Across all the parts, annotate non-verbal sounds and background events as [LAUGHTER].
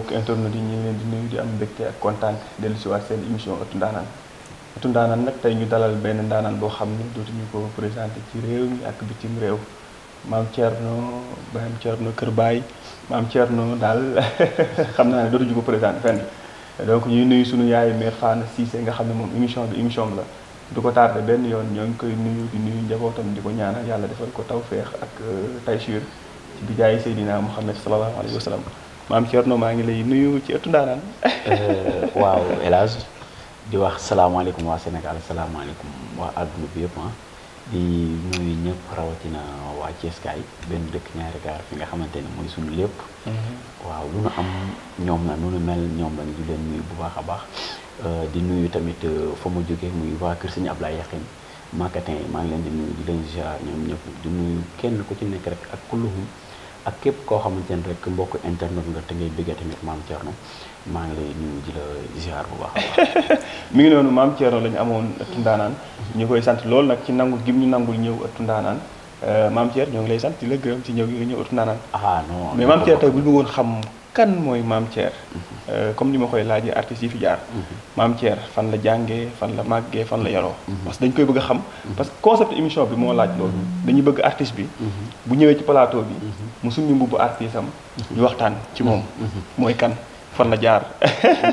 mbokk internet yi ñu ngi leen di nuyu di am mbégte ak kontaan dellu si seen émission ëttu ndaanaan ëttu ndaanaan nag tey ñu dalal benn ndaanaan boo xam ne dootuñu ko présenté ci réew mi ak bitim réew maam Thierno maam Thierno Kër Baye maam Thierno daal [LAUGHS] xam naa ne ñu ko présenté fenn donc ñuy nuyu suñu yaay mère Fana Cissé nga xam ne moom émission bi émission la du ko tardé benn yoon ñoo ngi koy nuyu di nuyu njabootam di ko ñaanal yàlla defal ko tawféex ak euh, taysiir ci bi jaay Seydina Mouhamed sallallahu alayhi wa sallam maam Thierno maa ngi lay nuyu ci ëttu ndaanaan. [LAUGHS] Eh, waaw El di wax salaamaaleykum waa Sénégal salaamaaleykum waa àdduna bi yëpp ah di nuyu ñëpp rawatina waa Thiès kaay benn dëkk ñaari gaar fi nga xamante ni mooy suñu lépp. Mm-hmm. waaw lu nu am ñoom na nu nu mel ñoom la di leen nuyu bu baax a baax eh, di nuyu tamit eh, fa ma jógee muy waa Kër Sëñ Ablaye Yaxin Makatin maa ngi leen di nuyu di leen ziar ñoom ñëpp di nuyu kenn ko ci nekk rek ak kulluhum ak képp koo xamante ne rek mbokk internet nga te ngay bëggee tamit maam Thierno maa ngi lay nuyu di la ziar [LAUGHS] maam Thierno la ñu amoon ëttu ndaanaan ñu koy sant loolu nag ci nangu gim ñu nangul ñëw ëttu ndaanaan euh, maam Thierno ñoo ngi lay sant di la gërëm ci ñëw ñëw ëttu ah, mais maam Thierno tey bu ñu xam kan mooy maam Thier mhm. euh, comme ni ma koy laajee artistes yi fi jaar mhm. maam Thier fan la jàngee fan la màggee fan la mhm. yaroo parce que dañ koy bëgg xam parce que concept émission bi moo laaj loolu dañuy bëgg artiste bi bu ñëwee ci plateau bi mu summi mbubbu artiste am ñu waxtaan ci moom mooy kan fan la jaar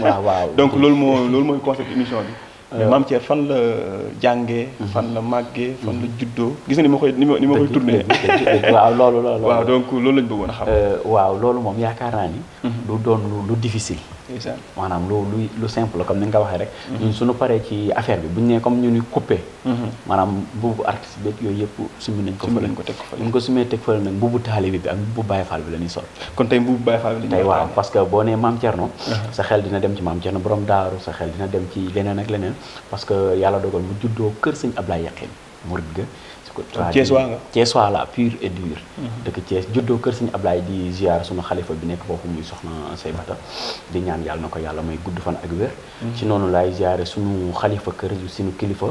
waaw waaw [LAUGHS] donc loolu moo loolu mooy concept émission bi mais euh, maam Thierno fan la euh, jàngee. Mhm. fan la màggee fan la mhm. juddoo gis nga ni ma koy ni ma ni ma koy tourné. [LAUGHS] waaw loolu loolu. waaw donc loolu lañ bëggoon a xam. Euh, waaw loolu moom yaakaar naa ni. Mhm. du doon lu difficile. maanaam lu lu lu simple comme ni nga ko waxee rek. Mhm. ñun suñu paree ci affaire bi bu ñu nee comme ñu ni coupé. Mhm. maanaam mbubu artiste beeg yooyu yëpp summi nañ ko. fële ko teg ko fële ñu ko sumee teg fële nag mbubu taalibe bi ak mbubu Baye Fall bi la ñuy sol. kon tey mbubu Baye Fall bi la ñuy sol waaw parce que boo nee maam Thierno. Mhm. sa xel dina dem ci maam Thierno borom daaru sa xel dina dem ci leneen ak leneen parce que yàlla dogal mu juddoo kër sëñ Ablaye Yaqin murid ga Thiès waa nga Thiès waa la pure et dure dëkk Thiès juddoo kër sëñ Ablaye di ziar sunu xalifa bi nekk foofu muy soxna say bata di ñaan yàlla na ko yàlla may gudd fan ak wér mm-hmm. ci noonu laay ziare sunu xalifa kër sunu kilifa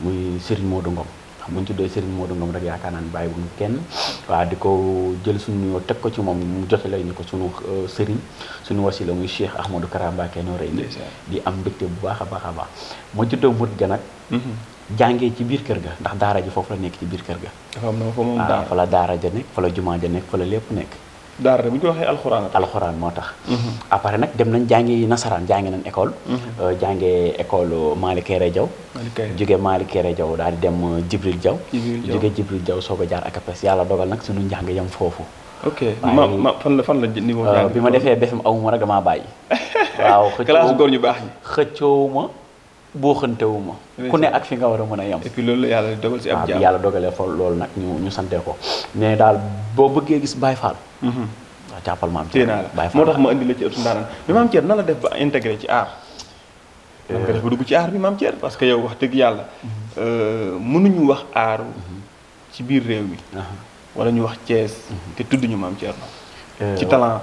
muy Serigne Modou Ngom bu ñu tuddee Serigne Modou Ngom rek yaakaar naa ne bàyyi kenn waaw di ko jël suñu teg ko ci moom mu jotale ñu ko suñu euh, Serigne suñu wasila muy Cheikh Ahmadou Kara Mbacké noo rey di am mbégte bu baax a baax a baax ma juddoo mut ga jàngee ci biir kër ga ndax daara ji foofu la nekk ci biir kër ga. dafa am na fa moom ah, daara fa la daara ja nekk fa la jumaa ja nekk fa la lépp nekk. daara de bu ñu waxee alxuraan. alxuraan moo tax. Mhm. après nag dem nañ jàngi nasaraan jàngi nañ école. Mhm. Euh, jàngee école Malick Kéré Diaw. Malick Kéré Diaw jóge Malick Kéré Diaw daal di dem euh, Jibril Diaw. Jibril Diaw jóge Jibril Diaw soog a jaar ACAPES yàlla dogal nag suñu njàng yam foofu. ok ma ma fan la fan la niveau. bi ma defee BFEM awuma rek damaa bàyyi. [LAUGHS] waaw xëccoo classe góor ñu baax ñi xëccoo ma. boo xëntewu ma ku ne ak fi nga war a mën a yem et puis loolu yàlla dogal si ab ah, jaam yàlla dogalee fa loolu nag ñu ñu santee ko mais daal boo bëggee gis Baye Fall waaw mm-hmm. ah, jàppal maam Thierno Baye Fall moo tax ma indi la ci ëttu ndaanaan maam Thierno na la def ba intégré ci euh. dugg ci aar bi maam Thierno parce que yow wax dëgg yàlla mm-hmm. euh, mënuñu wax aaru mm-hmm. biir réew mi wala ñu wax Thiès te tudduñu maam Thierno euh, ci talent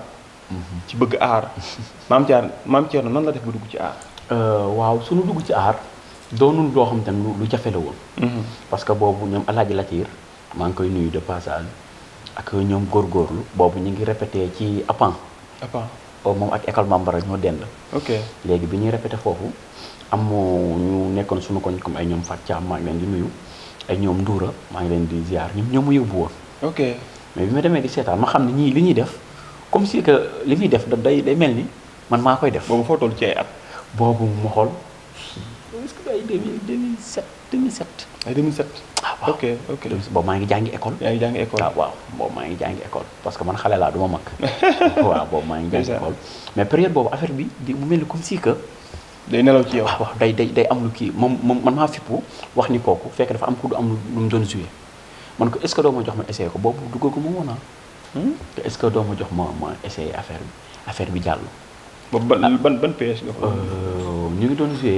ci bëgg aar [LAUGHS] maam Thierno maam Thierno la def ba dugg ci aar Euh, waaw suñu dugg ci aar doonul loo xam tam lu jafe la woon. Mhm. parce que boobu ñoom Alaaji Latiir maa ngi koy nuyu de passage ak ñoom góor góorgóorlu boobu ñu ngi répété ci Apan. Apan oh, moom ak école Mambara ñoo dend. ok léegi bi ñuy répété foofu am ñu nekkoon suñu koñ comme ay ñoom Fatou Thiam maa ngi leen di nuyu ay ñoom Ndoura maa ngi leen di ziar ñoom ñoo ma yóbbu woon. ok mais bi ma demee di seetaan ma xam ne ñii li ñuy def comme si que li ñuy def day day mel ni man maa koy def. boobu foo toll ci ay boobu ma xool est-ce que ay deux mille deux mille sept boobu maa ngi jàngi école. yaa ngi jàngi école waaw ah, waaw boobu maa ngi jàngi école parce que man xale laa ma mag. [LAUGHS] waaw maa ngi jàngi mais période boobu affaire bi di mu mel ni comme si que. day nelaw ci yow ah, day day am lu kii moom moom man maa fippu wax ni kooku fekk dafa am ku du am lu mu doon joué man ko est-ce que doo jox ma essayé ko boobu duggaguma ko ah. Hmm? te est-ce que doo ma jox ma ma essayé affaire bi affaire bi jàll. boobu ban ah. ban ban PS euh, ñu ngi doon joué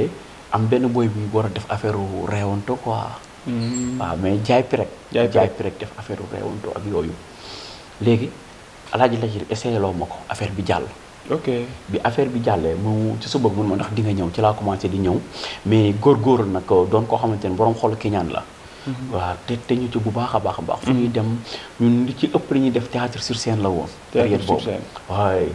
am benn booy bu war a def affaire reewanto quoi. Hmm. waaw mais jaay pirek. jaay pirek def affaire reewanto ak yooyu. léegi alaaji la ci essayé ma ko affaire bi jàll. ok bi affaire bi jàllee mu ci suba mun ma ndax di nga ñëw ci laa commencé di ñëw mais góor góorgóorlu nag doon koo xamante ne borom xol ki la. Hmm. waaw te te ñu ci bu baax a baax a baax. fu ñuy hmm. dem ñun li ci ëpp li ñuy def théâtre sur scène la woon. période boobu waaye.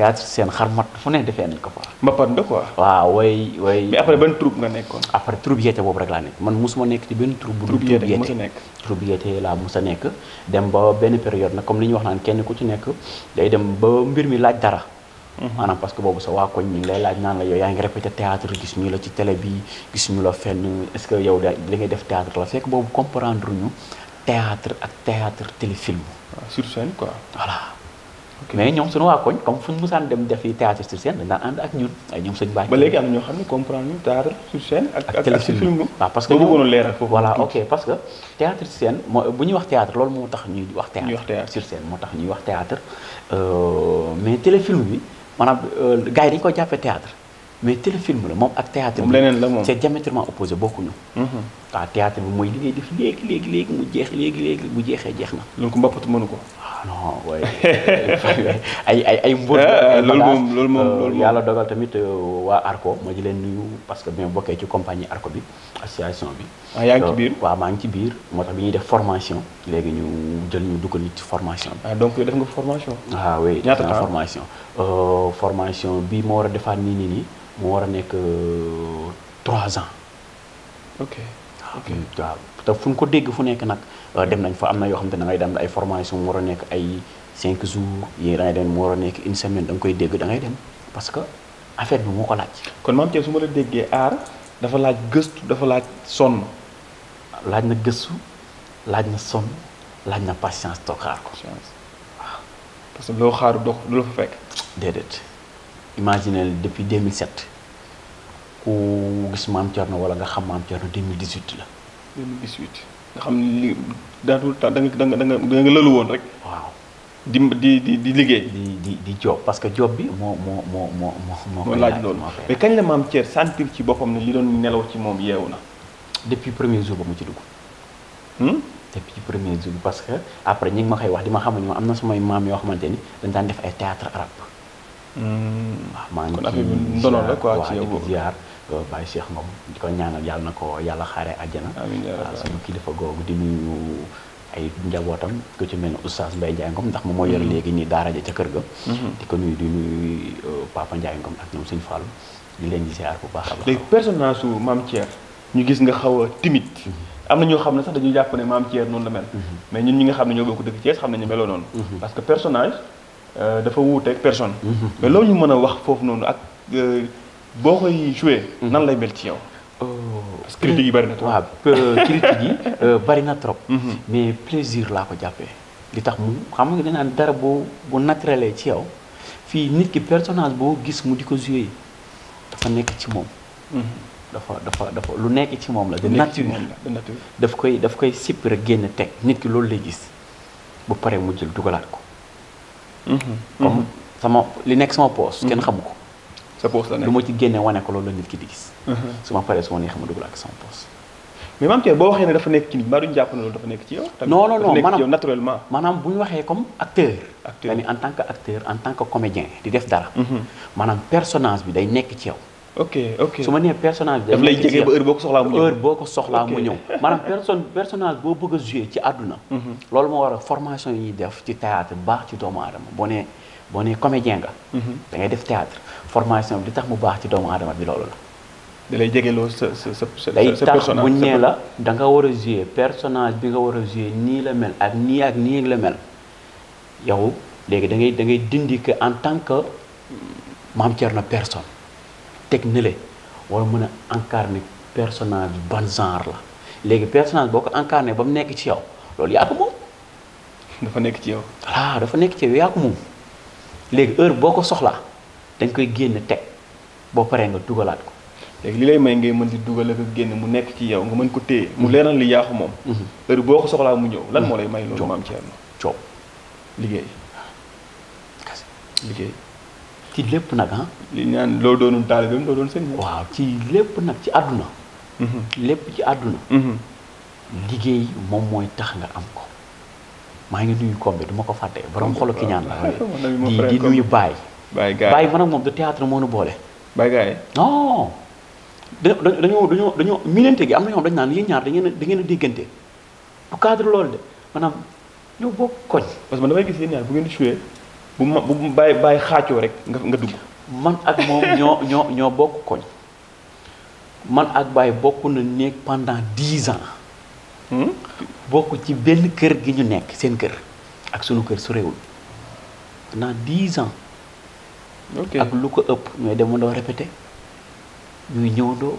théâtre seen xarmat fu ne defee nañ fa. mbapat nga quoi. waaw way way. mais après ban troupe nga nekkoon. après troupe yéete boobu rek laa nekk man musuma nekk ci benn troupe. bu dul troupe yéete musa nekk. troupe yéete laa musa nekk dem ba benn période nag comme li ñuy wax naan kenn ku ci nekk day dem ba mbir mi laaj dara. Mhm. maanaam parce que boobu sa waa koñ ñu ngi lay laaj naan la yow yaa ngi répété théâtre gis ñu la ci télé bi gis ñu la fenn est-ce li ngay def théâtre la fekk mais ñoom suñu waa koñ comme fuñ musaan dem defi théâtre sur scène dañ daan ak ñun ba léegi am ñoo xam ne comprendre ñu théâtre sur scène. ak ak ak film waaw parce que boo que théâtre sur scène moo wax théâtre loolu moo tax ñuy wax théâtre sur scène moo euh, mais téléfilm bi maanaam euh, gars yi dañu ko jàppee théâtre mais téléfilm la moom ak théâtre bi moom leneen la moom c'est diamétralement opposé bokkuñu mhm. waaw théâtre bi mooy li ngay def léegi léegi léegi mu jeex léegi bu jeexee jeex na. loolu ko mbappatu mënu ko. ah non waaye [LAUGHS] ay ay ay eh, loolu moom euh, yàlla dogal tamit euh, waa ARCO ma ji leen nuyu parce que bi ma bokkee ci compagnie ARCO bi association bi. ah yaa euh, maa ngi ci biir moo bi ñuy def formation léegi ñu jël ñu duggal ci formation bi. Ah, donc def nga formation. ah oui ñaata temps formation. formation bi ma war a defaat nii nii nii mu war a nekk 3 ans. waaw te fu ñu ko dégg fu nekk nag euh, dem nañ fa am na yoo xam te da ngay dem ay formation mu war a nekk ay cinq jours yi da ngay dem mu war a nekk une semaine danga koy dégg da ngay dem parce que affaire bi moo ko laaj. kon maam Thiam su ma la déggee aar dafa laaj gëstu dafa laaj sonn. laaj na gëstu laaj na sonn laaj na patience toog xaar ko. Ah. parce que loo xaaru dox du la fa fekk. déedéet imaginez depuis 2007 ku gis maam na wala nga xam maam Thierno 2018 la. 2018 nga xam ni li daatul da nga da nga da nga lëlu woon rek. waaw di di di di liggéey. di di di job parce que job bi moo moo moo moo moo. laaj loolu mais kañ la maam Thierno sentir ci boppam ne li doon nelaw ci moom yeewu na. depuis premier jour ba mu ci dugg. Hmm? depuis premier jour parce que après ñi ngi ma koy wax di ma xamuñu ma am na samay maam yoo xamante ni dañ daan def ay théâtre arabe. Hmm. waaw maa ngi ci kon affaire bi Euh, Baye Cheikh moom di ko ñaanal yàlla na ko yàlla xaare àjjana waaw ah, suñu di nuyu ay njabootam ku ci mel ne oustaz Mbaye Ndiaye Ngom ndax moom moo yor mm-hmm. léegi nii daara ja ca kër ga mm-hmm. di ko nuyu di nuyu euh, Papa Ndiaye Ngom ak ñoom suñu Fallou di leen di bu baax a baax léegi personnage su Mame Thier ñu gis nga xaw a timide mm-hmm. am na ñoo xam ne sax dañu jàpp ne Mame Thier noonu la mel mais ñun ñi nga xam ne ñoo bokk dëkk Thiès xam nañu meloo noonu parce que personnage euh, dafa wuuteeg personne mais ñu mën a wax boo koy joué. Mhm. nan lay mel ci yow. Euh, parce que critique yi bari na trop. waaw euh, critique yi [LAUGHS] euh, bari na trop. Mhm. mais plaisir laa ko jàppee. li tax mu xam nga dinaan dara boo boo naturel ci yow fii nit ki personnage boo gis mu di ko joué dafa nekk ci moom. Mhm. dafa dafa dafa lu nekk ci moom la. de nature daf koy daf koy sipp rek génn teg nit ki loolu lay gis bu paree mu jël dugalaat ko. comme sama li nekk sama poos kenn xamu ko. sa poos la lu ma ci génne wane loolu la nit ki di gis. Uh-huh. su ma paree su ma neexee ma ak sama poos. mais maam tey boo waxee ne dafa nekk ci nit maa duñ jàpp ne loolu dafa nekk ci yow. non non non maanaam waxee comme acteur. acteur en tant que acteur en tant que comédien di def dara. Uh-huh. maanaam personnage bi day nekk ci yow. su ma nee personnage bi. daf lay jege ba heure boo ko soxlaa mu ñëw heure personnage boo bëgg a ci àdduna. Uh-huh. loolu moo war a formation formation bi li tax mu baax ci doomu aadama bi loolu la. da lay jegeloo sa sa sa sa day la da war a jouer personnage bi nga war a jouer nii la mel ak nii ak nii la mel yow léegi da ngay da ngay dindi que en tant que maam Thierno personne teg na le war a mën a incarner personnage ban genre la léegi personnage boo ko incarner ba mu nekk ci yow loolu yaa ko moom. dafa nekk ci yow. voilà dafa nekk ci yow yaa ko moom léegi heure boo ko soxla dañ koy génn teg boo paree nga dugalaat ko. léegi li lay may ngay mën di dugal ak génn mu nekk ci yow nga man ko téye mu leeral li yaaxu moom. Mhm. heure boo ko soxlaa mu ñëw lan mhm. moo lay may loolu maam Thierno. coow liggéey. kese lépp nag ah. li ñaan loo doonul taalibeem loo doon sëñ waaw ci lépp nag ci àdduna. Mhm. lépp ci àdduna. liggéey moom mooy tax nga am ko. maa ngi nuyu Kombe du ma ko fàtte borom xolu ki ñaan la. [LAUGHS] di di nuyu Baye. Baye Gaye Baye man ak moom du théâtre moo nu boole. Baye Gaye. non dañoo dañoo dañoo milante gi am na ñoom dañu naan yéen ñaar da ngeen a da a déggante du cadre loolu de maanaam ñoo bokk koñ. parce que man damay gis yéen ñaar bu ngeen di joué bu ma bu Baye Baye rek nga nga dugg. man ak moom ñoo ñoo ñoo bokk koñ man ak Baye bokku na néeg pendant dix ans. Hmm? bokk ci benn kër gi ñu nekk seen kër ak sunu kër su réewul pendant dix ans. ak lu ko ëpp ñooy demandoo répété ñooy ñëwandoo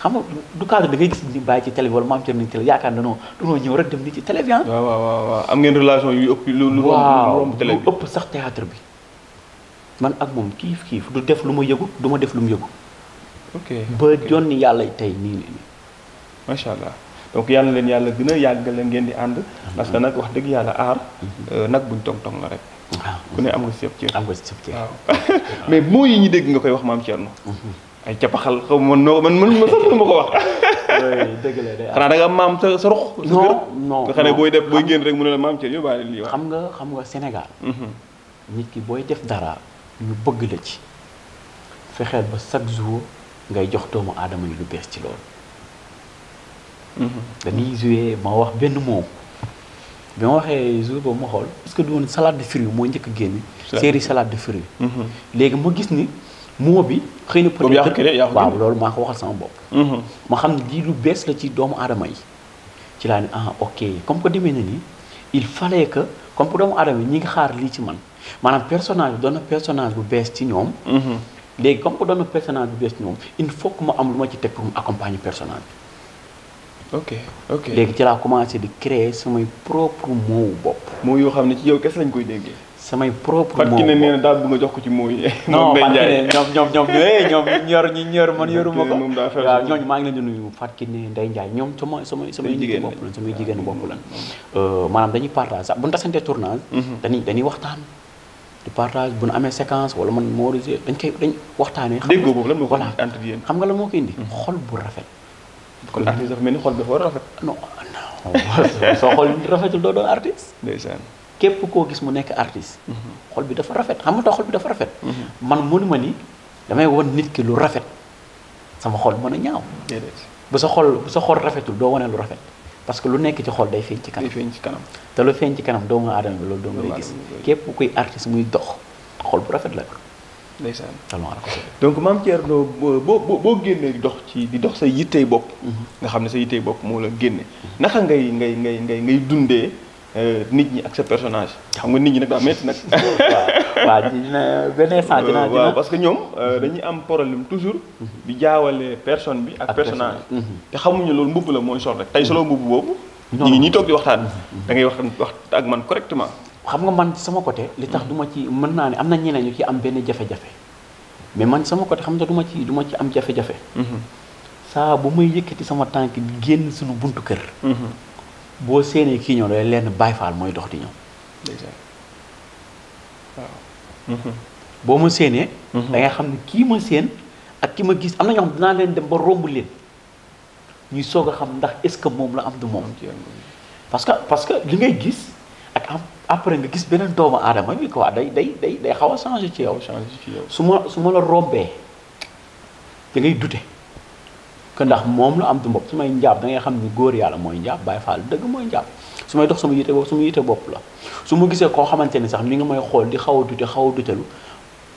xam nga du cadre da ngay gis ni bàyyi ci télé bi wala maam cër nañ télé yaakaar na lu dunoo ñëw rek dem ni ci télé bi ah waaw waaw waaw am ngeen relation yu ëpp lu romb ëpp sax théâtre bi man ak moom kiif kiif du def lu ma yëgu du ma def lu mu yëgu ok ba jonni yàlla tey nii nii macha allah donc yàlla leen yàlla gën a yàggale ngeen di ànd parce que nag wax dëgg yàlla aar euh, nag buñ tong tong la rek waaw ku ne am nga si sëb cër. am nga [LAUGHS] mais moo yi ñu dégg nga koy wax maam Thierno. Mm-hmm. ay capaxal xaw ma noo man ma sax ko wax. dëgg la [LAUGHS] day am maam sa sa ruq. non xam booy def booy génn rek mu ne la maam Thierno xam nga xam nga Sénégal. Mm-hmm. nit ki booy def dara ñu bëgg la ci fexeel ba chaque jour ngay jox doomu aadama yi lu bees ci loolu. Mm-hmm. dañuy joué ma wax benn moom. bi ma waxee jour boobu ma xool parce que du woon salade de fruits moo njëkk a génn. série de fruits. Mm-hmm. léegi ma gis ni moo bi. xëy na peut être ko mm-hmm. ma xam ah, demee na nii il fallait que comme que doomu aadama yi ñi ngi xaar lii ci man maanaam personnage bi doon na personnage bu bees ci ñoom. Mm-hmm. léegi comme que doon na personnage bu bees ci ñoom il faut que ma am lu ma ci teg pour mu accompagner personnage ok ok léegi ci laa commencé di créer samay propre moowu bopp. moo yoo xam ne ci yow kese lañ koy déggee. samay propre moowu bopp Fatou Kiné nee na daal bëgg nga jox ko ci mooy. [LAUGHS] non Fatou Kiné ñoom ñoom ñoom eh, ñoom ñor ñi ñor man yoruma ko. waaw ñooñu maa ngi leen di nuyu Fatou Kiné Ndeye Ndiaye ñoom sama samay samay jigéen bopp lañ samay jigéen bopp lañ. maanaam dañuy partage sax bu ñu tasantee tournage. Mm-hmm. dañuy dañuy waxtaan. di partage bu ñu amee séquence wala man moo dañ koy dañ waxtaanee. déggoo boobu lan moo ko indi entre yéen xam nga lan moo ko indi mm-hmm. xol bu rafet kon artiste dafa mel ni xol dafa rafet. non non [LAUGHS] soo xol rafetul doo doon képp koo gis mu nekk artiste. Mhm. xol bi dafa rafet xam nga xol bi dafa rafet. Mhm. man mënuma ni damay won nit ki lu rafet sama xol mën a ñaaw. bu sa xol bu sa xol rafetul doo wane lu rafet parce que lu nekk ci xol day feeñ ci kanam. ci kanam te lu feeñ ci kanam doomu aadama bi loolu doo ngay gis. képp kuy artiste muy dox xol bu rafet la. ndeysaan donc maam Thierno boo boo boo génnee di dox ci di dox sa yittey bopp. Mhm. nga xam ne sa yittey bopp moo la génne. naka ngay ngay ngay ngay ngay dundee euh, nit ñi ak sa personnage xam nga nit ñi nag daa métti nag. [LAUGHS] waaw dina benn euh, parce que ñoom euh, mhm. dañuy am problème toujours. Mhm. di jaawale personne bi ak personnage. te xamuñu loolu mbubb la mooy sol rek tey solo mbubb boobu. ñu ngi ñuy toog di waxtaan. da ngay wax wax ak man correctement. xam nga man sama côté li tax duma ci mën naa ne am na ñeneen ñu ci am benn jafe-jafe mais man sama côté xam nga du ci du ci am jafe-jafe mm-hmm. saa bu may yëkkati sama tànk bi génn suñu buntu kër mm-hmm. boo séenee kii ñëw lay lenn Baay mooy dox di mm-hmm. ma séenee xam ne kii ma séen ak ki ma gis am na ñoo xam dinaa leen dem ba romb leen ñuy soog a xam ndax est-ce que moom la am du moom parce que parce que li ngay gis ak am après nga gis beneen doomu aadama bi quoi day day day day xaw a changé ci yow. changé ci yow su ma su ma la robbee da ngay dute que ndax moom la am du bopp su may njaab da ngay xam ni góor yàlla mooy njaab Baay Faal dëgg mooy njaab su may dox sama yite bopp su ma yite bopp la su ma gisee koo xamante ni sax mi nga may xool di xaw a dute xaw a dutelu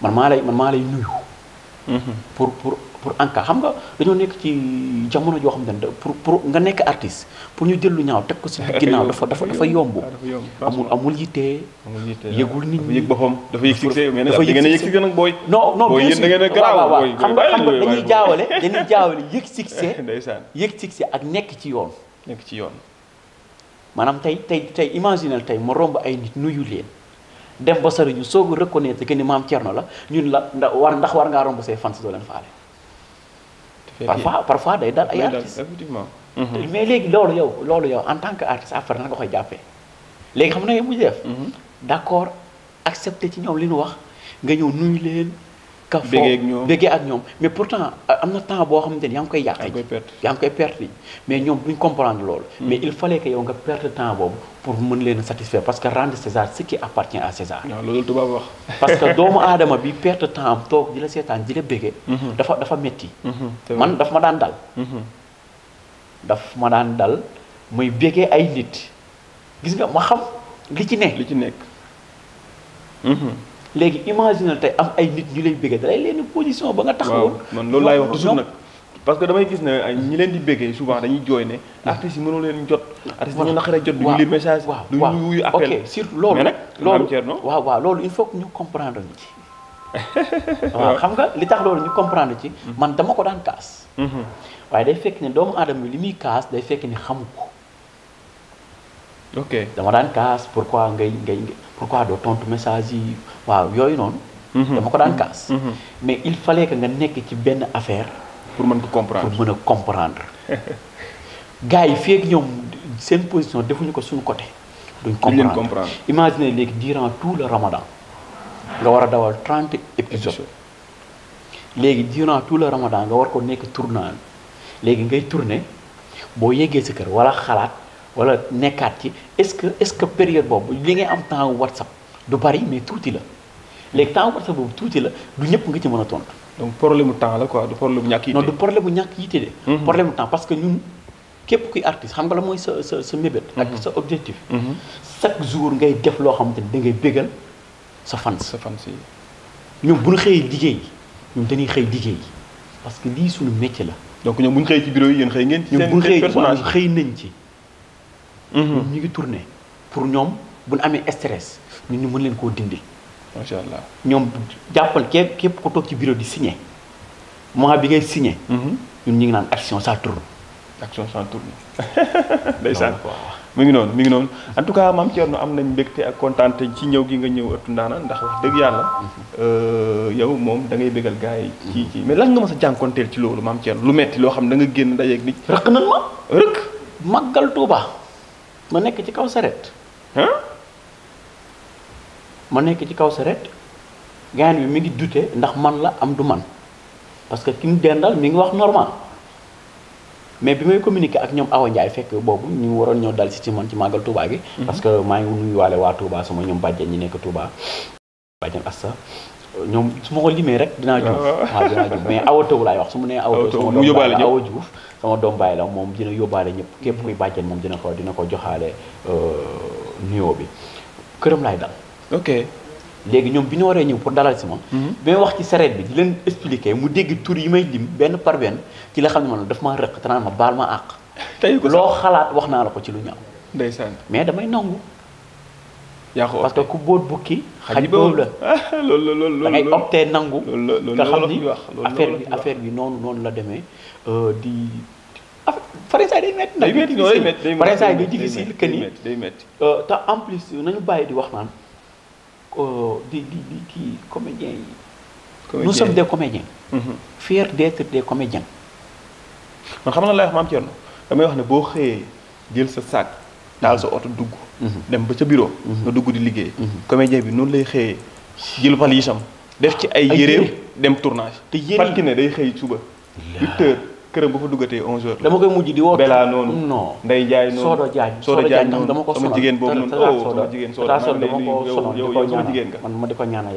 man maa lay man maa lay nuyu. Mhm. pour pour. pour en xam nga dañoo nekk ci jamono joo xam ne pour pour nga nekk artiste pour ñu jël lu ñaaw teg ko si ginnaaw dafa dafa dafa yomb. Ah, amul amul yitte. amul yitte ah. yëgul nit ñi. yëg boppam dafa yëg succès mais nag da nag booy. non non booy yéen da a garaaw booy xam nga xam nga dañuy jaawale dañuy jaawale yëg succès. [LAUGHS] ndeysaan ak nekk ci yoon. nekk ci yoon. maanaam tey tey tey imaginel tey ma ay nit nuyu leen. dem ba sori ñu soog a reconnaître que ni maam la ñun la ndax war ndax war ngaa romb say fans doo leen faale parfois parfois day dal ay artistes mhm. mais léegi loolu yow loolu yow en tant que artiste affaire na nga koy jàppee léegi xam na nga mujj def mhm. d'accord accepté ci ñoom li ñu wax nga ñëw nuyu leen ka foo béggee ak ñoom mais pourtant am na temps boo xamante ni yaa ngi koy yàq yaa ngi koy perte mais ñoom duñ comprendre loolu mhm. mais il fallait que yow nga perte temps boobu pour mën leen satisfaire parce que rendre César ce qui appartient à César. waaw loolu tubaab wax. parce que doomu [LAUGHS] aadama bi perte temps am toog di la seetaan di la bége. Mhm. dafa dafa métti. Mhm, man daf ma daan dal. Mhm. daf ma daan dal muy bége ay nit gis nga ma xam li ci ne. li ci nekk. léegi imagine tey am ay nit ñu lay bége da lay leen position ba nga taxawoon. loolu laay wax nag. parce que damay gis ne ñi leen di béggee souvent dañuy jooy ne artistes yi mënoo leen jot artistes dañu naqaree jot duñu lire message duñu wuyu appel ok surtout loolu nag loolu waaw waaw loolu il faut ñu comprendre [LAUGHS] xam nga li tax loolu ñu comprendre ci mhm. man dama ko daan kaas mhm. waaye day fekk ne doomu aadama bi li muy kaas day fekk ni xamu ko dama daan kaas pourquoi ngay ngay pourquoi doo tontu message yi waaw yooyu noonu mhm. dama ko daan kaas mais il fallait que nga nekk ci benn affaire pour mën ko comprendre pour mën a comprendre. [LAUGHS] gars yi fii ak ñoom seen position defuñu ko suñu côté. duñ comprendre comprendre. imaginez léegi durant tout le ramadan nga war a dawal trente épisodes léegi durant tout le ramadan nga war ko nekk tournant léegi ngay tourner boo yeggee si kër wala xalaat wala nekkaat ci est-ce que est-ce que période boobu li ngay am temps WhatsApp du bari mais tuuti la léegi temps WhatsApp boobu tuuti la du ñëpp nga ci mën a tontu. donc problème mu temps la quoi du problème mu ñàkk yitte non du de. Mhm. problème temps parce que ñun képp kuy artiste xam nga la mooy sa sa sa mébét. Mhm. ak sa objectif. Mhm. chaque jour ngay def loo xamante ni da ngay bégal sa fans. sa fan si ñoom bu ñu xëyee liggéey ñoom dañuy xëy liggéey parce que lii suñu métier la. donc ñoom bu ñu xëyee ci bureau yi yéen xëy ngeen. ci seen seen personnage ñoom xëy nañ ci. ñu ngi tourné pour ñoom bu ñu amee stress ñun ñu mën leen koo dindi. macha allah ñoom jàppal képp képp ku toog ci bureau di signé mois bi ngay signé. Mhm. ñun ñu ngi naan action ça tourne. action ça tourne [LAUGHS] ndeysaan mu ngi noon mi ngi noon en tout cas maam Thierno am nañ mbégte ak kontaante ci ñëw gi nga ñëw ëttu ndaanaan ndax dëgg yàlla. Mhm. Euh, yow moom da ngay bégal gars yi. ci ci mhm. mais lan nga mës a jànkonteel ci loolu maam Thierno lu metti loo xam da nga génn dajeeg nit. rëq nan ma rëq. màggal Tuuba ma nekk ci kaw saret ma nekk ci kaw saret gain bi mi ngi dute ndax man la am du man parce que ki mu dendal mi ngi wax normal mais bi may communiquer ak ñoom Awa Ndiaye fekk boobu ñu waroon ñoo dal si ci man ci màggal tubaa gi. Mhm. parce que maa ngi nuyuwaale waa Touba sama ñoom bàjjen ñi nekk Touba. bàjjen Assa ñoom su ma ko limee rek dinaa juuf. waaw ah. ah, dinaa juuf mais Awa Taw laay wax su ma nee Awa Taw mu yóbbaale ñëpp Awa Diouf sama doom bàyyi la moom dina yóbbaale ñëpp képp kuy mhm. bàjjen moom dina ko dina ko joxaale euh, nuyoo bi këram laay dal. ok léegi ñoom bi ñu waree ñëw pour dalal si ma. Mhm. bi may wax ci sareet bi di leen expliquer mu dégg tur yi may lim benn par benn ci la xam ne daf maa rëq te naan ma baal [LAUGHS] tey loo xalaat wax naa la ko ci lu ñaaw. ndeysaan mais damay nangu. yaa parce que ku boot bukki. xaj boobu la [LAUGHS] loolu la loolu da ngay opté nangu. nga xam ni affaire bi affaire bi noonu noonu la demee euh, di. faransaay day métti. day métti day métti day métti day métti day métti euh, te en plus nañu bàyyi di wax naan. Euh, di di di kii comédiens yi. comédiens nous sommes des comédiens. Mm-hmm. fiers d'être des man xam na lay wax maam Thierno damay wax ne boo xëyee jël sa sac daal sa oto dugg. Mm-hmm. dem ba ca biro mm-hmm. nga dugg di liggéey. comédien bi noonu lay xëyee jël valisam def ci ay yéreem dem tournage. te yéen ne day xëy suba. 8 këram bu fa duggatee 11h. dama koy mujj di woo Bella noonu. non Ndeye Ndiaye noonu Sodo Diagne Sodo Diagne noonu oh, dama man ma di ko ñaanal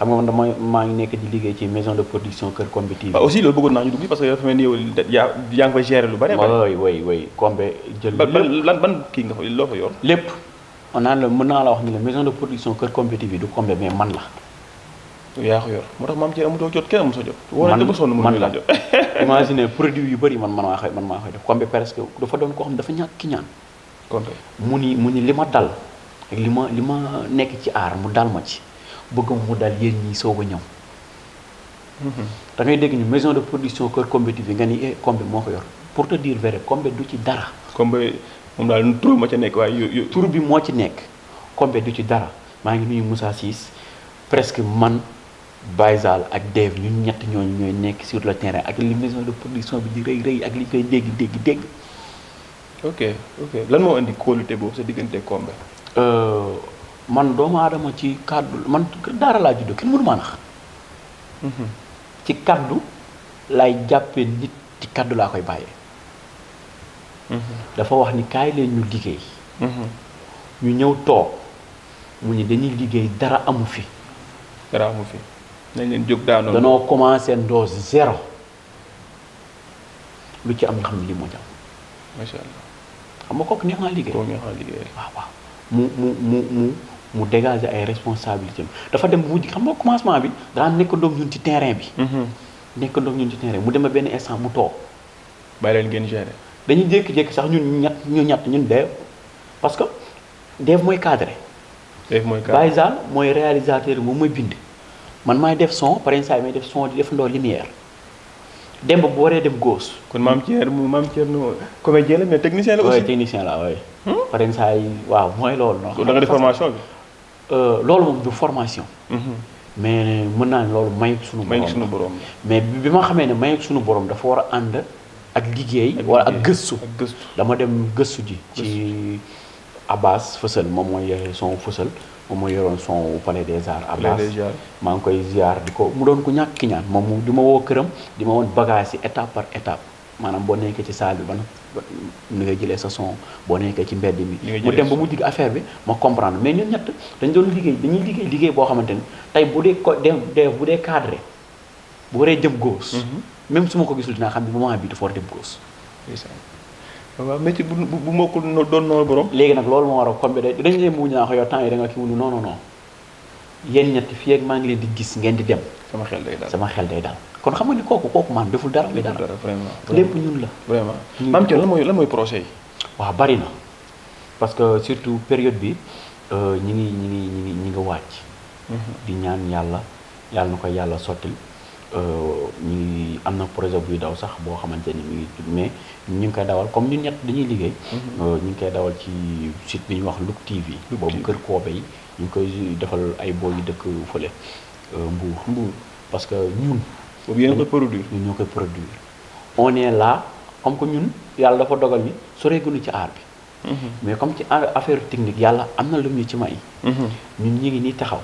mhm. dama maa ngi nekk di liggéey ci maison de production Kër Kombe TV. waaw aussi loolu bëggoon naa ñu dugg parce que dafa mel ni yow yaa yaa ngi fa kii nga fa loo fa lépp on a mën naa la wax ni la maison de production Kër Kombe TV du Kombe mais man la yaa ko yor moo tax maam ci amutoo jot kenn amutoo jot. man man la woon imagine produit yu bëri man maa koy def comme presque dafa doon koo xam dafa ñàkk ki mu ni mu ni li ma dal li ma li ma nekk ci aar mu dal ma ci bëgg mu dal yéen ñi soog a ñëw. Mhm. da ngay dégg ñu maison de production Kër Kombe TV nga ni eh Kombe moo ko yor pour te dire vrai Kombe du ci dara. Kombe moom daal tur ma ci nekk waaye tur bi moo ci nekk Kombe du ci dara maa ngi nuyu Moussa Cissé presque man. Baysal ak Dave ñun ñett ñooñu ñooy nekk sur le terrain ak li maison de production bi di rëy rëy ak li koy dégg dégg dégg. ok ok lan moo indi qualité boobu sa diggante Combé. Euh, man doomu aadama ci kàddu man daara laa juddoo kenn mënu maa nax. Mhm. ci kàddu laay jàppee nit ci kàddu laa koy bàyyee. Mhm. dafa wax ni kaay leen ñu liggéey. Mhm. ñu ñëw toog mu ni dañuy liggéey dara amu fi. dara amu fi. nañ leen jóg daanoo danoo commencé ndoos zéro lu ci am nga xam ne lii moo ci am. macha allah xam nga kooku neex liggéey. waaw waaw mu mu mu mu mu dégager ay responsabilités dafa dem bu xam nga commencement bi daan nekk ndoom ñun ci terrain bi. Mm-hmm. nekk ndoom ñun ci terrain mu dem benn instant mu toog. bàyyi gen ngeen gérer. dañuy jékki-jékki sax ñun ñett ñu ñett ñun deew parce que deew mooy cadré. deew mooy cadré Baye Zane mooy réalisateur bi moom mooy bind. man maay def son par exemple may def son di def ndoo lumière dem bu waree dem gos kon maam mu maam Thierno comédien la mais technicien la aussi. oui technicien la oui. Hmm? waaw mooy loolu. noonu da nga di euh, loolu moom du formation. Hmm. mais mën naa ne loolu may suñu borom suñu borom mais bi ma xamee ne may suñu borom dafa war a ànd ak liggéey. wala ak gëstu ak gëstu. dama dem gëstu ji. ci Abbas Fësal moom mooy son Fësal. bu ma yoroon son au palais des arts Abbas maa ngi koy ziar di ko mu doon ku ñàkk ki ñaan moom mu di ma woo këram di ma woon bagage yi étape par étape maanaam boo nekkee ci salle bi ban ni nga jëlee sa son boo nekkee ci mbedd mi mu dem ba mu digg affaire bi ma comprendre mais ñun ñett dañ doon liggéey dañuy liggéey liggéey boo xamante ni tey bu dee ko dee bu dee cadré bu waree jëm gauche mm-hmm. même su ma ko gisul dinaa xam ne moment bii dafa war dem gauche waaw métier bu bu mokkul doon noonu borom. léegi nag loolu moo waral kon bi dañ lay muuñ naa ko yow temps yi da nga kii maa ngi leen di gis ngeen di dem. sama xel day dal sama xel day dal kon xam nga ni kooku kooku maam deful dara. deful dara vraiment lépp ñun la. vraiment maam Thiel lan mooy lan mooy projet yi. waaw bari na parce que surtout période bi euh, ñi ngi ñi ngi ñi ngi ñi nga wàcc. Mhm. di ñaan yàlla yàlla na ko yàlla sottil. Euh, ñu ngi am na projet buy daw sax boo xamante ni mi ngi mais ñu ngi koy dawal comme ñun ñett dañuy liggéey. Mm-hmm. Euh, ñu ngi koy dawal ci site bi ñuy wax Look TV. boobu kër Kobe yi ñu ngi koy defal ay booy yu dëkk fële euh, Mbour. Mbour parce que ñun. boobu yéen a koy produire ñun ñoo koy produire. on est là comme que ñun yàlla dafa dogal ni soreeguñu ci aar bi. Mm-hmm. mais comme ci affaire technique yàlla am na lu ñu ci may. Mm-hmm. ñun ñu ngi nii taxaw.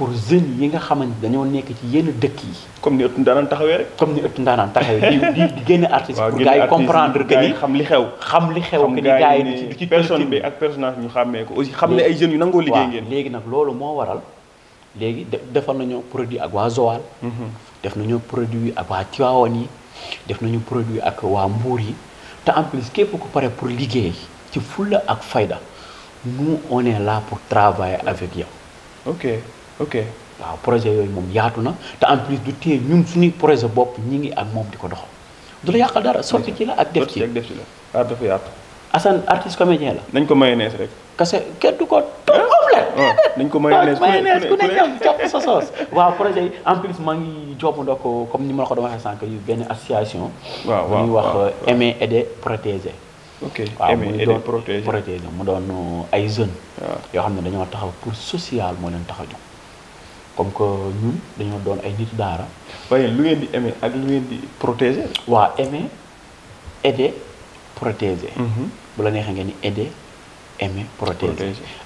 pour jeunes yi nga xamante dañoo nekk ci yenn dëkk yi. comme ni ëttu ndaanaan taxawee rek. comme ni ëttu ndaanaan taxawee di di génne artiste. pour gars yi comprendre ni xam li xew. xam li xew que ni gars yi ci ci personne bi ak personnage ñu xàmmee ko aussi xam ne ay jeunes yu nangoo liggéey ngeen. waaw léegi nag loolu moo waral léegi defal nañu produit ak waa Joal. Mm-hmm. def nañu produit ak waa Tivaouane yi def nañu produit ak waa Mbour yi te en plus képp ku pare pour liggéey ci fulla ak fayda nous on la pour travailler avec yow. ok waaw projet yooyu moom yaatu na te en plus du téye ñun suñuy projet bopp ñi ngi ak moom di ko doxal du la yàqal dara sorti ci la ak def ci ak def ci la ah, dafa yaatu Assane artiste comédien la nañ ko mayonnaise rek kase kenn du ko dañ ah, ah, ko mayonnaise ku ne ñam jàpp sa soos waaw projet yi en plus maa ngi joppandoo ko comme ni ma la ko doon waxee sànq yu benn association waaw waaw ñuy wax aimer aider protéger ok waaw muy doon protéger mu doon ay jeunes yoo xam ne dañoo taxaw pour social moo leen tax a jóg comme que ñun dañoo doon ay nitu daara. waaye lu ngeen di aimer ak lu ngeen di protéger. waa aimer aider protéger. Mhm. bu la neexee ngeen ni aider aimer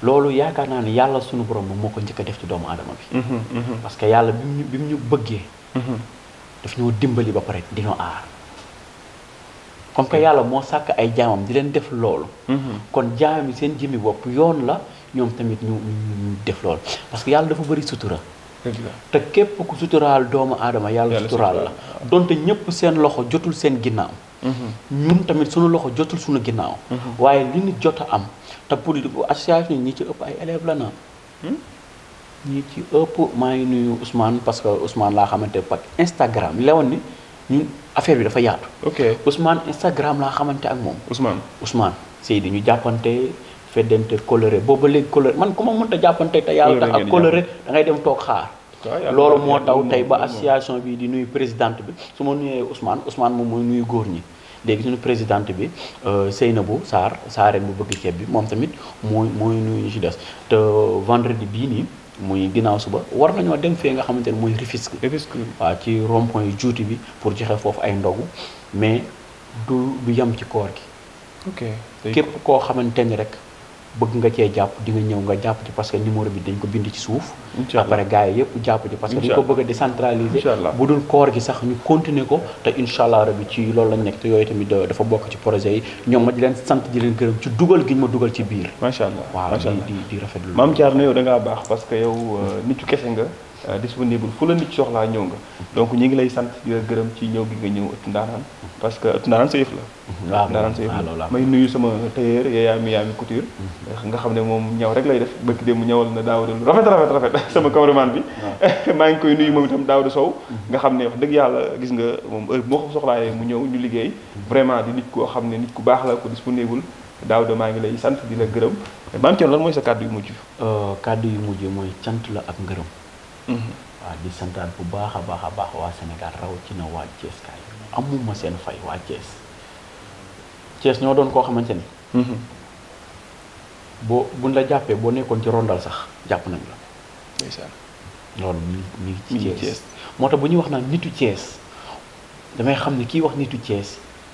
loolu yaakaar naa ne yàlla sunu borom moom moo ko njëkk def ci doomu adama bi. Mhm, mhm. parce que yàlla bi mu bi mu ñu bëggee. daf ñoo dimbali ba pare di ñu aar. comme que yàlla moo sàkk ay jaamam di leen def loolu. kon jaam yi seen jëmmi bopp yoon la. ñoom tamit ñu def lool parce que yàlla dafa bëri sutura. te képp ku suturaal doomu aadama yàlla suturaal la donte ñëpp seen loxo jotul seen ginnaaw. Mhm. ñun tamit suñu loxo jotul suñu ginnaaw. Mhm. waaye li ñu jot a am te pour association ñi ci ëpp ay hmm? ñi ci ëpp maa ngi nuyu Ousmane parce que Ousmane laa xamante ne Instagram lewoon ni ñun affaire bi dafa yaatu. ok Instagram laa xamante ak moom. Ousmane Ousmane Seydi ñu jàppante. feddante coloré booba léegi coloré man ku ma mënta jàppante te yàlla tax ak coloré da dem toog xaar loolu moo taw tey ba association bi di nuyu présidente bi su ma nuyee Ousmane Ousmane moom mooy nuyu góor ñi léegi suñu présidente bi euh, bu saar Saareen bu bëgg ceeb bi moom tamit mooy mooy nuyu ñu ci des te vendredi bii nii muy ginnaaw suba war nañoo dem fee nga xamante ne mooy Rufisque waaw ci rond point yu juuti bi pour joxe foofu ay ndogu mais du du ci koor gi képp koo bëgg nga cee jàpp dinga ñëw nga jàpp ci parce que numéro bi dañ ko bind ci suuf après gars yi yëpp jàpp ci parce que dañ ko bëgg a décentraliser bu dul koor gi sax ñu continuer ko te incha allah rabi ci loolu lañ nekk te yooyu tamit dafa bokk ci projet yi ñoom ma di leen sant di leen gërëm ci dugal gi ñu ma dugal ci biir macha allah waaw di di rafetlu maam Thierno yow da ngaa baax parce que yow euh, nitu kese nga Euh, disponible fu la nit soxlaa ñëw nga donc ñu ngi lay sant di la gërëm ci ñëw gi nga ñëw ëtt ndaanaan parce que ëtt ndaanaan sa yëf la ëtt [LAUGHS] ndaanaan may nuyu sama tailleur Yaya Miami Couture mm-hmm. nga xam ne moom ñaw rek lay def bëgg dem mu ñawal na daaw Daouda lu rafet rafet rafet [LAUGHS] sama cameraman bi [LAUGHS] maa ngi koy nuyu moom itam Daouda Sow mm-hmm. nga xam ne wax dëgg yàlla gis nga moom heure boo ko soxlaayee mu ñëw ñu liggéey mm-hmm. vraiment di nit koo xam ne nit ku baax laa ko disponible Daouda maa ngi lay sant di la gërëm maam Thierno mooy sa kàddu yu mujj euh, kàddu yu mujj mooy cant la ak ngërëm waaw mm-hmm. ah, di santaat bu baax a baax a baax waa Sénégal rawatina waa Thiès kaay amuma seen fay waa Thiès Thiès ñoo doon koo xamante ni. Mm-hmm. boo buñ la jàppee boo nekkoon ci rondal sax jàpp nañ la. loolu mi ngi mi ngi Thiès moo tax bu ñuy wax naan nitu Thiès damay xam ne kiy wax nitu Thiès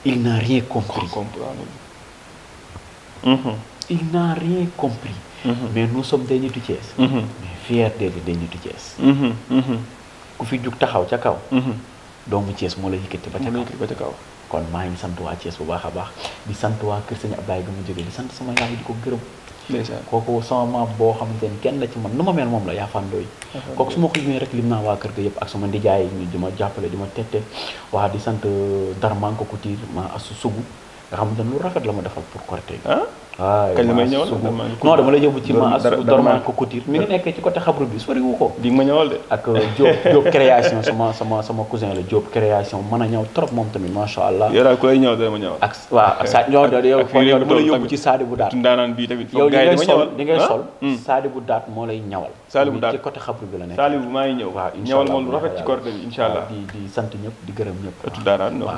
il n'a rien compris. il n'a rien compris. Mm-hmm. mais nous sommes des nitu Thiès. Mm-hmm. mais fierté bi des nitu Thiès. Mm-hmm. ku fi jug taxaw ca kaw. doomu Thiès moo la yëkkati ba ca kaw moo kaw. kon maa ngi sant waa Thiès bu baax a baax di sant waa Kër Sëñ Ablaye bi mu jógee di sant sama yaay di ko gërëm. kooku sama maam boo xamante ne kenn la ci man nu ma mel moom la yaafandoo yi kooku su ma ko ñëwee rek lim naa waa kër ga yëpp ak sama ndijaay ñu di ma jàppale di ma tette waa di sant euh, ko Couture ma asu sugu nga xamante ne lu rafet la ma defal pour Korité kañ la may ñëwal non dama ko couture mi ngi nekkee ci côté xabru bi soriwu ko di ma ñëwal de ak euh, Diop Diop création sama sama sama cousin la Diop création mën a ñëw trop moom tamit macha allah yow daal ku lay ñëw dama ñëwal ak waaw sa lay yóbbu ci saadi bu daat ndaanaan bii tamit yow li ngay sol li ngay hmm. bu daat moo lay ñawal saadi bu daat ci côté xabru bi la nekk saadi bu maa ngi ñëw waaw ñawal moom di sant ñëpp di gërëm ñëpp ëttu daanaan noo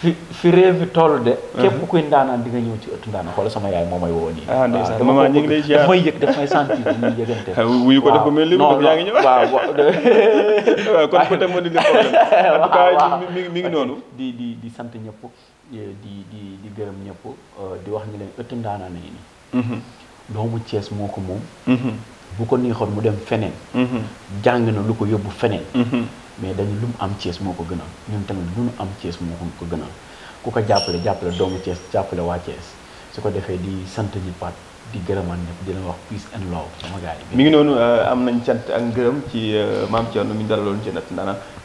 fi fi réew mi toll de. képp mhm. kuy ndaanaan di nga ñëw ci ëttu ndaanaan xoolal sama yaay moo may woo nii. ah ndeysaan maman ñu ngi lay ziar daf may yëg daf may sentir ñu ngi yëgante. Ah, wuyu ko def ko mel ni moom yaa ngi ñëw. [LAUGHS] waaw [LAUGHS] waaw kon côté moo [LAUGHS] di problème sant ñëpp di di gërëm ñëpp euh, di wax ni leen ëttu ndaanaan nañu nii. Mhm. doomu Thiès moo ko moom. Mhm. bu ko neexoon mu dem feneen. jàng na lu ko yóbbu feneen. mais dañu lu mu am Thiès moo ko gënal ñun tamit lu mu am Thiès moo ko gënal ku ko jàppale jàppale doomu Thiès jàppale waa Thiès su ko defee di sant ñëppaat di gërëmaan ñëpp di leen wax peace and love sama gars yi. mi ngi noonu euh, am nañ cant ak ngërëm ci euh, maam Thierno mi ñu dalaloon ci natt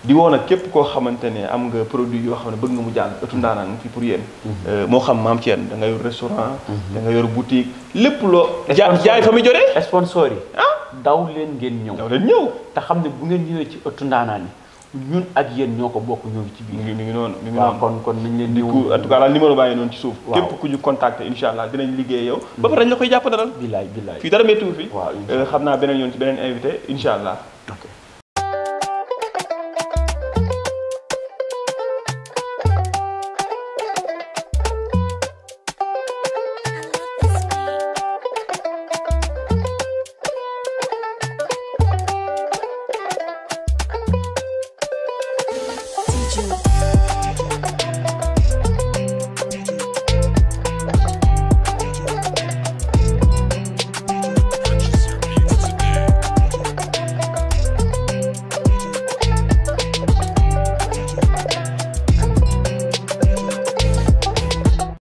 di woo nag képp koo xamante ne am nga produit yoo xam ne bëgg nga mu jàng ëttu ndaanaan fi pour yéen. Mm-hmm. Euh, moo xam maam Thierno danga nga yor restaurant. Mm-hmm. da nga yor boutique lépp loo. jaay jaay fa muy jotee. sponsor yi ah! daw leen ngeen ñëw. daw leen ñëw. te xam ne bu ngeen ñëwee ci ëttu ndaanaan yi ñun ak yéen ñoo ko bokk ñoo ngi ci biir. mi ngi mi ngi noonu mi ngi noonu kon kon nañ leen. di ko en tout cas daal numéro baa ngi noonu ci suuf. képp ku ñu contacter incha allah dinañ liggéey yow. Mm-hmm. ba pare dañ la koy jàpp daral. billaay billaay fii dara méttiwul fi. waaw euh, xam naa beneen yoon ci beneen invité incha allah.